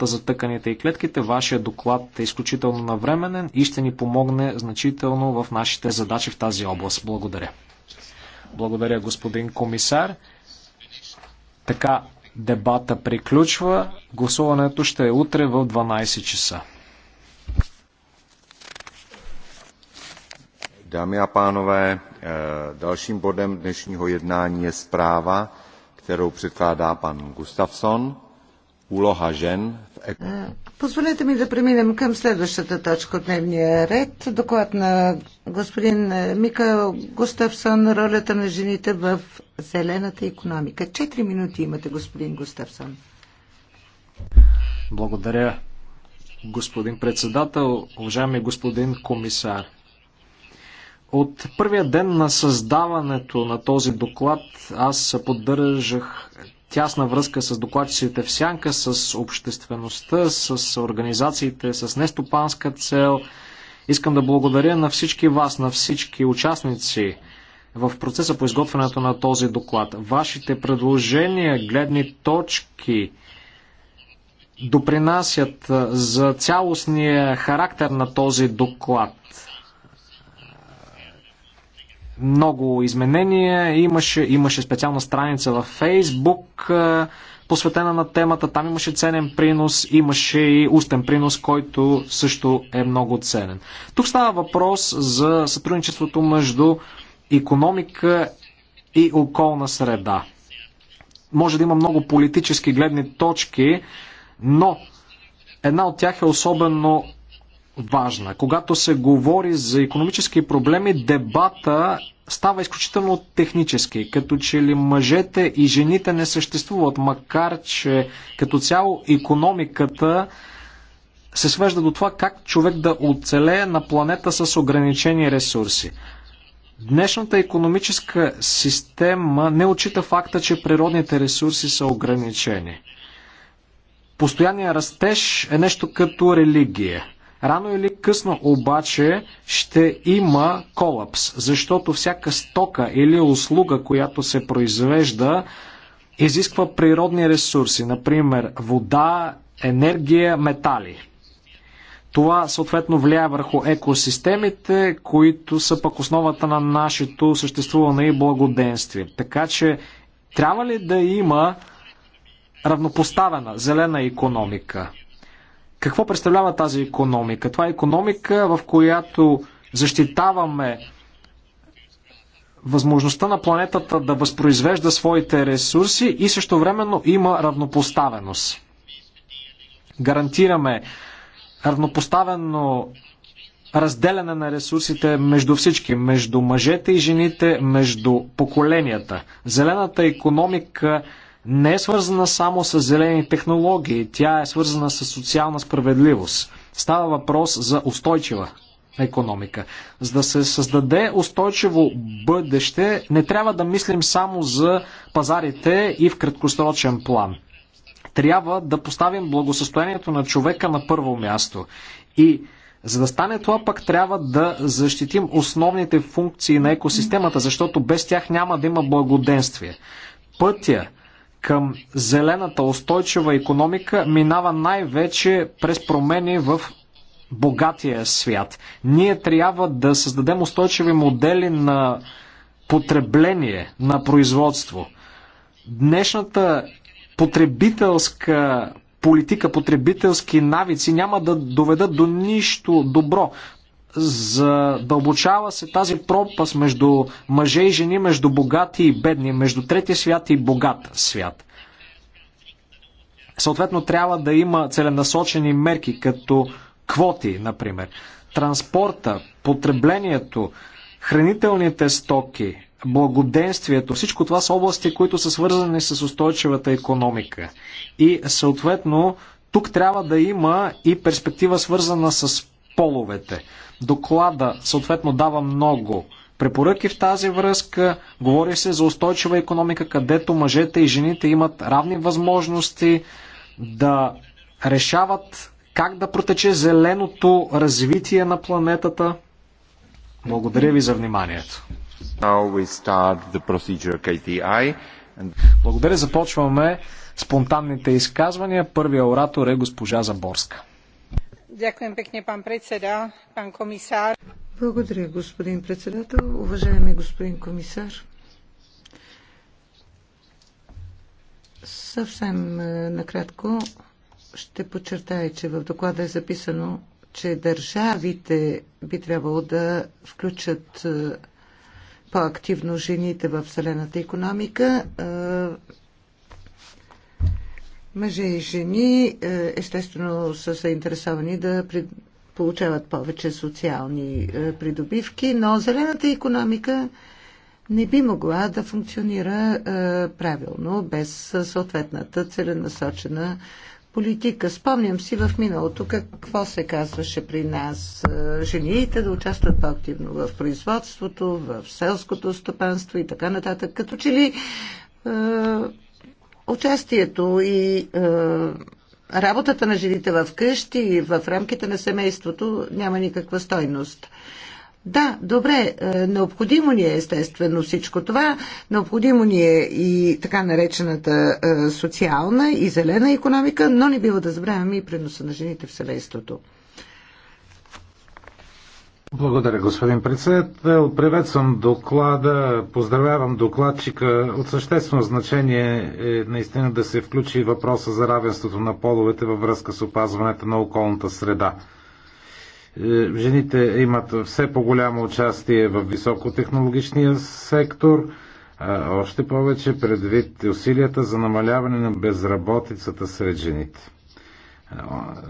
за тъканите и клетките. Вашия доклад е изключително навременен и ще ни помогне значително в нашите задачи в тази област. Благодаря. Благодаря, господин комисар. Така, дебата приключва. Гласуването ще е утре в 12 часа. Дами и панове, dalším бодем dnešního jednání справа, zpráva, kterou пан Густавсон úloha Позволете ми да преминем към следващата точка от дневния ред. Доклад на господин е, Микал Густавсон, ролята на жените в зелената економика. Четири минути имате, господин Густавсон. Благодаря, господин председател, уважаеми господин комисар. От първия ден на създаването на този доклад аз поддържах тясна връзка с докладчиците в сянка, с обществеността, с организациите, с нестопанска цел. Искам да благодаря на всички вас, на всички участници в процеса по изготвянето на този доклад. Вашите предложения, гледни точки допринасят за цялостния характер на този доклад много изменения. Имаше, имаше специална страница във Фейсбук, посветена на темата. Там имаше ценен принос, имаше и устен принос, който също е много ценен. Тук става въпрос за сътрудничеството между економика и околна среда. Може да има много политически гледни точки, но една от тях е особено важна. Когато се говори за економически проблеми, дебата става изключително технически, като че ли мъжете и жените не съществуват, макар че като цяло економиката се свежда до това как човек да оцелее на планета с ограничени ресурси. Днешната економическа система не отчита факта, че природните ресурси са ограничени. Постоянният растеж е нещо като религия. Рано или късно обаче ще има колапс, защото всяка стока или услуга, която се произвежда, изисква природни ресурси, например вода, енергия, метали. Това съответно влияе върху екосистемите, които са пък основата на нашето съществуване и благоденствие. Така че трябва ли да има равнопоставена зелена економика? Какво представлява тази економика? Това е економика, в която защитаваме възможността на планетата да възпроизвежда своите ресурси и също времено има равнопоставеност. Гарантираме равнопоставено разделяне на ресурсите между всички, между мъжете и жените, между поколенията. Зелената економика не е свързана само с зелени технологии, тя е свързана с социална справедливост. Става въпрос за устойчива економика. За да се създаде устойчиво бъдеще, не трябва да мислим само за пазарите и в краткосрочен план. Трябва да поставим благосъстоянието на човека на първо място. И за да стане това, пък трябва да защитим основните функции на екосистемата, защото без тях няма да има благоденствие. Пътя към зелената устойчива економика минава най-вече през промени в богатия свят. Ние трябва да създадем устойчиви модели на потребление, на производство. Днешната потребителска политика, потребителски навици няма да доведат до нищо добро задълбочава се тази пропаст между мъже и жени, между богати и бедни, между третия свят и богат свят. Съответно, трябва да има целенасочени мерки, като квоти, например, транспорта, потреблението, хранителните стоки, благоденствието. Всичко това са области, които са свързани с устойчивата економика. И съответно, тук трябва да има и перспектива свързана с половете. Доклада съответно дава много препоръки в тази връзка. Говори се за устойчива економика, където мъжете и жените имат равни възможности да решават как да протече зеленото развитие на планетата. Благодаря ви за вниманието. Благодаря, започваме спонтанните изказвания. Първия оратор е госпожа Заборска. Благодаря, господин председател. Уважаеми господин комисар, съвсем е, накратко ще подчертая, че в доклада е записано, че държавите би трябвало да включат е, по-активно жените в зелената економика. Е, Мъже и жени е, естествено са заинтересовани да получават повече социални е, придобивки, но зелената економика не би могла да функционира е, правилно без съответната целенасочена политика. Спомням си в миналото какво се казваше при нас жените да участват по-активно в производството, в селското стопанство и така нататък. Като че ли участието и е, работата на жените в къщи и в рамките на семейството няма никаква стойност. Да, добре, е, необходимо ни е естествено всичко това, необходимо ни е и така наречената е, социална и зелена економика, но не бива да забравяме и приноса на жените в семейството. Благодаря, господин председател. Приветствам доклада, поздравявам докладчика. От съществено значение е наистина да се включи въпроса за равенството на половете във връзка с опазването на околната среда. Е, жените имат все по-голямо участие в високотехнологичния сектор, а още повече предвид усилията за намаляване на безработицата сред жените.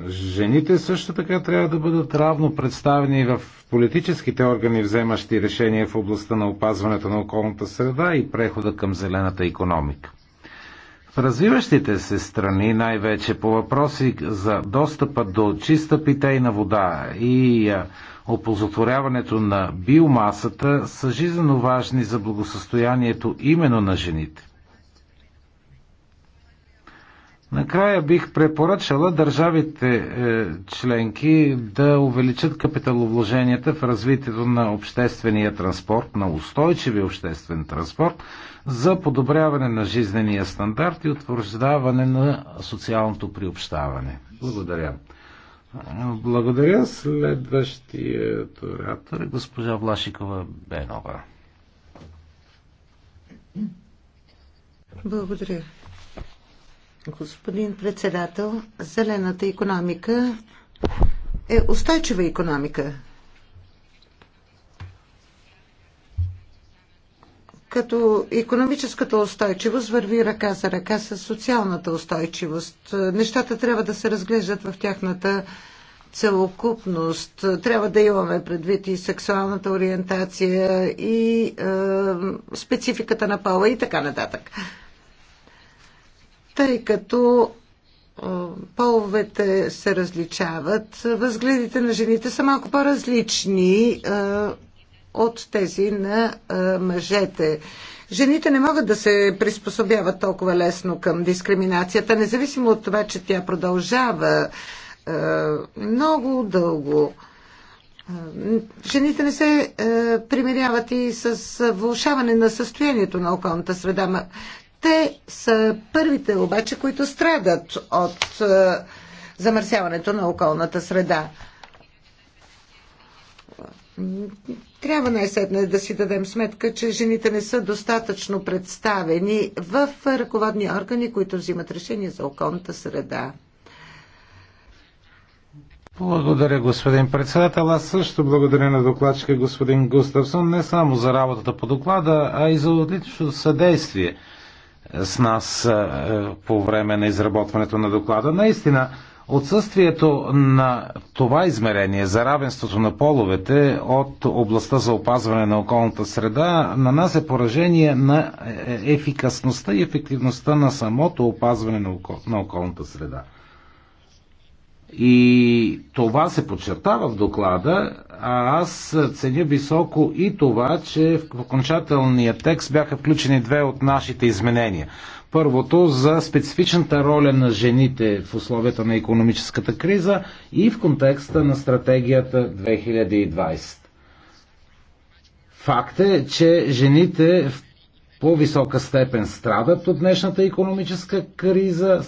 Жените също така трябва да бъдат равно представени в политическите органи, вземащи решения в областта на опазването на околната среда и прехода към зелената економика. В развиващите се страни, най-вече по въпроси за достъпа до чиста питейна вода и опозотворяването на биомасата, са жизненно важни за благосъстоянието именно на жените. Накрая бих препоръчала държавите е, членки да увеличат капиталовложенията в развитието на обществения транспорт, на устойчиви обществен транспорт, за подобряване на жизнения стандарт и утвърждаване на социалното приобщаване. Благодаря. Благодаря. Следващият оратор е госпожа Влашикова Бенова. Благодаря, Господин председател, зелената економика е устойчива економика. Като економическата устойчивост върви ръка за ръка с социалната устойчивост. Нещата трябва да се разглеждат в тяхната целокупност. Трябва да имаме предвид и сексуалната ориентация, и е, спецификата на пола и така нататък тъй като половете се различават, възгледите на жените са малко по-различни от тези на мъжете. Жените не могат да се приспособяват толкова лесно към дискриминацията, независимо от това, че тя продължава много дълго. Жените не се примиряват и с влушаване на състоянието на околната среда. Те са първите обаче, които страдат от е, замърсяването на околната среда. Трябва най-сетне да си дадем сметка, че жените не са достатъчно представени в ръководни органи, които взимат решение за околната среда. Благодаря, господин председател. Аз също благодаря на докладчика господин Густавсон не само за работата по доклада, а и за отличното съдействие с нас е, по време на изработването на доклада. Наистина, отсъствието на това измерение за равенството на половете от областта за опазване на околната среда на нас е поражение на е, ефикасността и ефективността на самото опазване на околната среда. И това се подчертава в доклада, а аз ценя високо и това, че в окончателния текст бяха включени две от нашите изменения. Първото за специфичната роля на жените в условията на економическата криза и в контекста на стратегията 2020. Факт е, че жените в по-висока степен страдат от днешната економическа криза.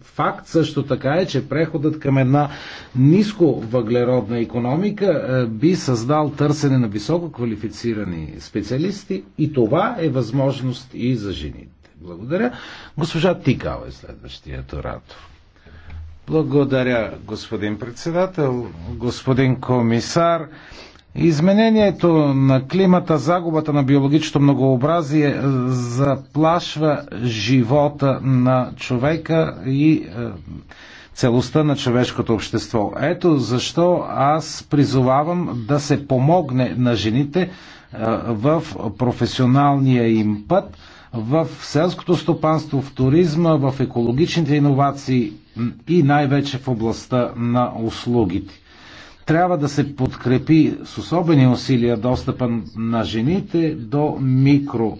Факт също така е, че преходът към една ниско въглеродна економика е, би създал търсене на високо квалифицирани специалисти и това е възможност и за жените. Благодаря. Госпожа Тикал, е следващият оратор. Благодаря, господин председател, господин комисар. Изменението на климата, загубата на биологичното многообразие е, заплашва живота на човека и е, целостта на човешкото общество. Ето защо аз призовавам да се помогне на жените е, в професионалния им път, в селското стопанство, в туризма, в екологичните иновации и най-вече в областта на услугите. Трябва да се подкрепи с особени усилия достъпа на жените до микро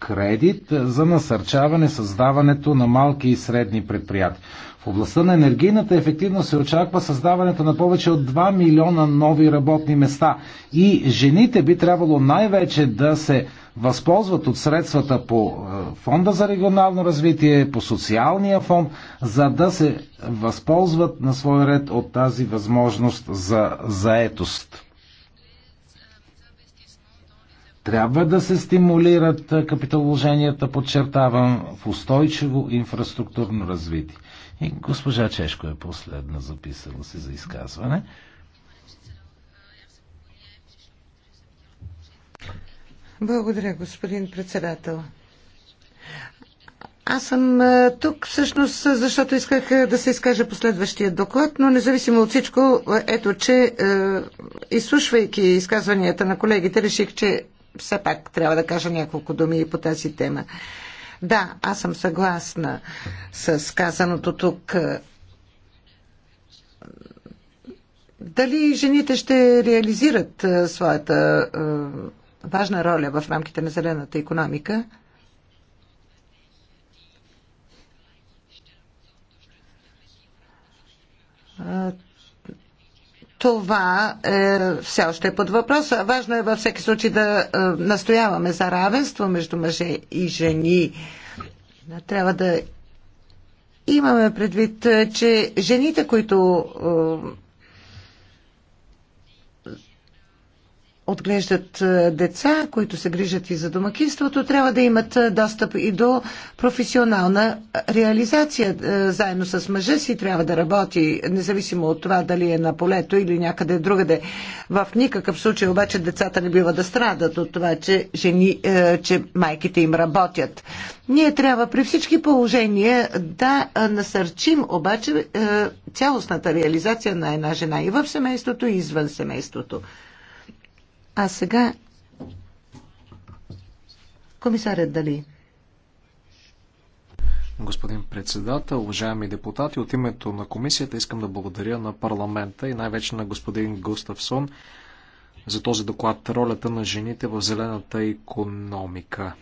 кредит за насърчаване създаването на малки и средни предприятия. В областта на енергийната ефективност се очаква създаването на повече от 2 милиона нови работни места и жените би трябвало най-вече да се възползват от средствата по е, Фонда за регионално развитие, по социалния фонд, за да се възползват на свой ред от тази възможност за заетост. Трябва да се стимулират капиталовложенията, подчертавам, в устойчиво инфраструктурно развитие. И госпожа Чешко е последна записала се за изказване. Благодаря, господин председател. Аз съм тук всъщност, защото исках да се изкажа последващия доклад, но независимо от всичко, ето че изслушвайки изказванията на колегите, реших, че все пак трябва да кажа няколко думи и по тази тема. Да, аз съм съгласна с казаното тук. Дали жените ще реализират своята важна роля в рамките на зелената економика? това е, все още е под въпрос. Важно е във всеки случай да е, настояваме за равенство между мъже и жени. Трябва да имаме предвид, е, че жените, които е, отглеждат деца, които се грижат и за домакинството, трябва да имат достъп и до професионална реализация. Заедно с мъжа си трябва да работи, независимо от това дали е на полето или някъде другаде. В никакъв случай обаче децата не бива да страдат от това, че, жени, че майките им работят. Ние трябва при всички положения да насърчим обаче цялостната реализация на една жена и в семейството, и извън семейството. А сега комисарят Дали. Господин председател, уважаеми депутати, от името на комисията искам да благодаря на парламента и най-вече на господин Густавсон за този доклад ролята на жените в зелената економика.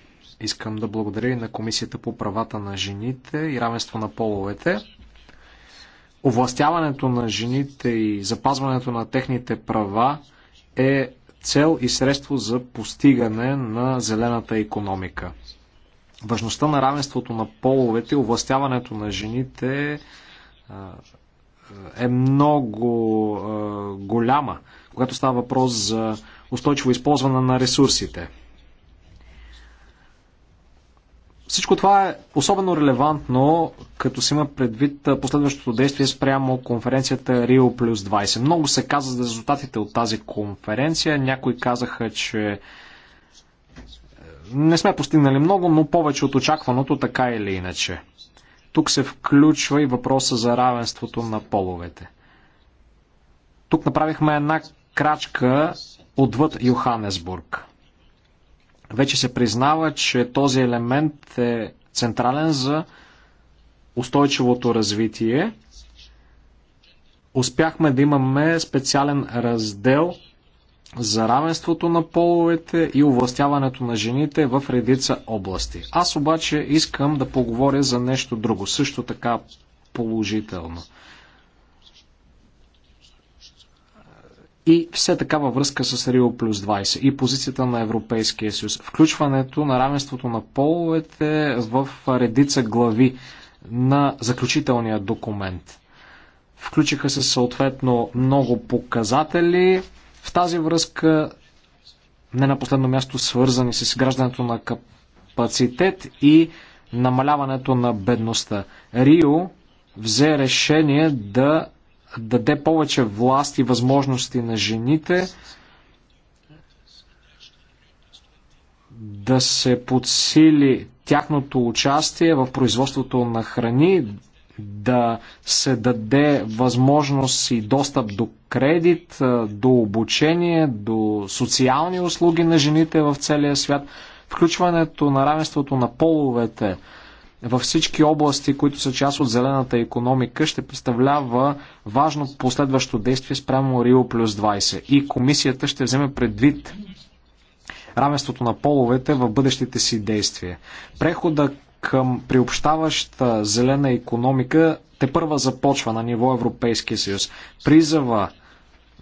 Искам да благодаря и на Комисията по правата на жените и равенство на половете. Овластяването на жените и запазването на техните права е цел и средство за постигане на зелената економика. Важността на равенството на половете и овластяването на жените е много голяма, когато става въпрос за устойчиво използване на ресурсите – Всичко това е особено релевантно, като се има предвид последващото действие спрямо конференцията Rio плюс 20. Много се каза за резултатите от тази конференция. Някои казаха, че е, не сме постигнали много, но повече от очакваното, така или иначе. Тук се включва и въпроса за равенството на половете. Тук направихме една крачка отвъд Йоханесбург. Вече се признава, че този елемент е централен за устойчивото развитие. Успяхме да имаме специален раздел за равенството на половете и овластяването на жените в редица области. Аз обаче искам да поговоря за нещо друго, също така положително. и все така във връзка с Рио плюс 20 и позицията на Европейския съюз. Включването на равенството на половете в редица глави на заключителния документ. Включиха се съответно много показатели. В тази връзка, не на последно място, свързани с изграждането на капацитет и намаляването на бедността. Рио взе решение да даде повече власт и възможности на жените, да се подсили тяхното участие в производството на храни, да се даде възможност и достъп до кредит, до обучение, до социални услуги на жените в целия свят. Включването на равенството на половете във всички области, които са част от зелената економика, ще представлява важно последващо действие спрямо Рио плюс 20. И комисията ще вземе предвид равенството на половете в бъдещите си действия. Прехода към приобщаваща зелена економика те първа започва на ниво Европейския съюз. Призава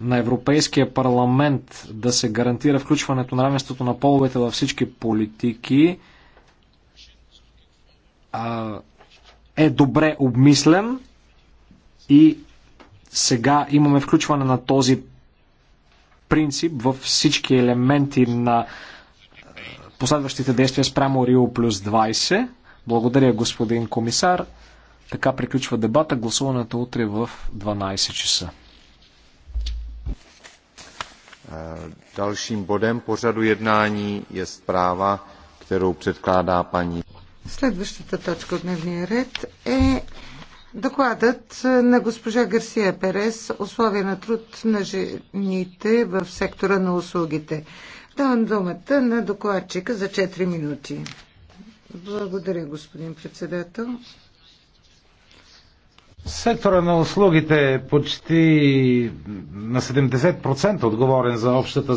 на Европейския парламент да се гарантира включването на равенството на половете във всички политики – е добре обмислен и сега имаме включване на този принцип във всички елементи на последващите действия спрямо Рио плюс 20. Благодаря, господин комисар. Така приключва дебата. Гласуването утре в 12 часа. Е, Dalším bodem pořadu jednání je zpráva, kterou předkládá paní. Следващата точка от дневния ред е докладът на госпожа Гарсия Перес Условия на труд на жените в сектора на услугите. Давам думата на докладчика за 4 минути. Благодаря, господин председател. Сектора на услугите е почти на 70% отговорен за общата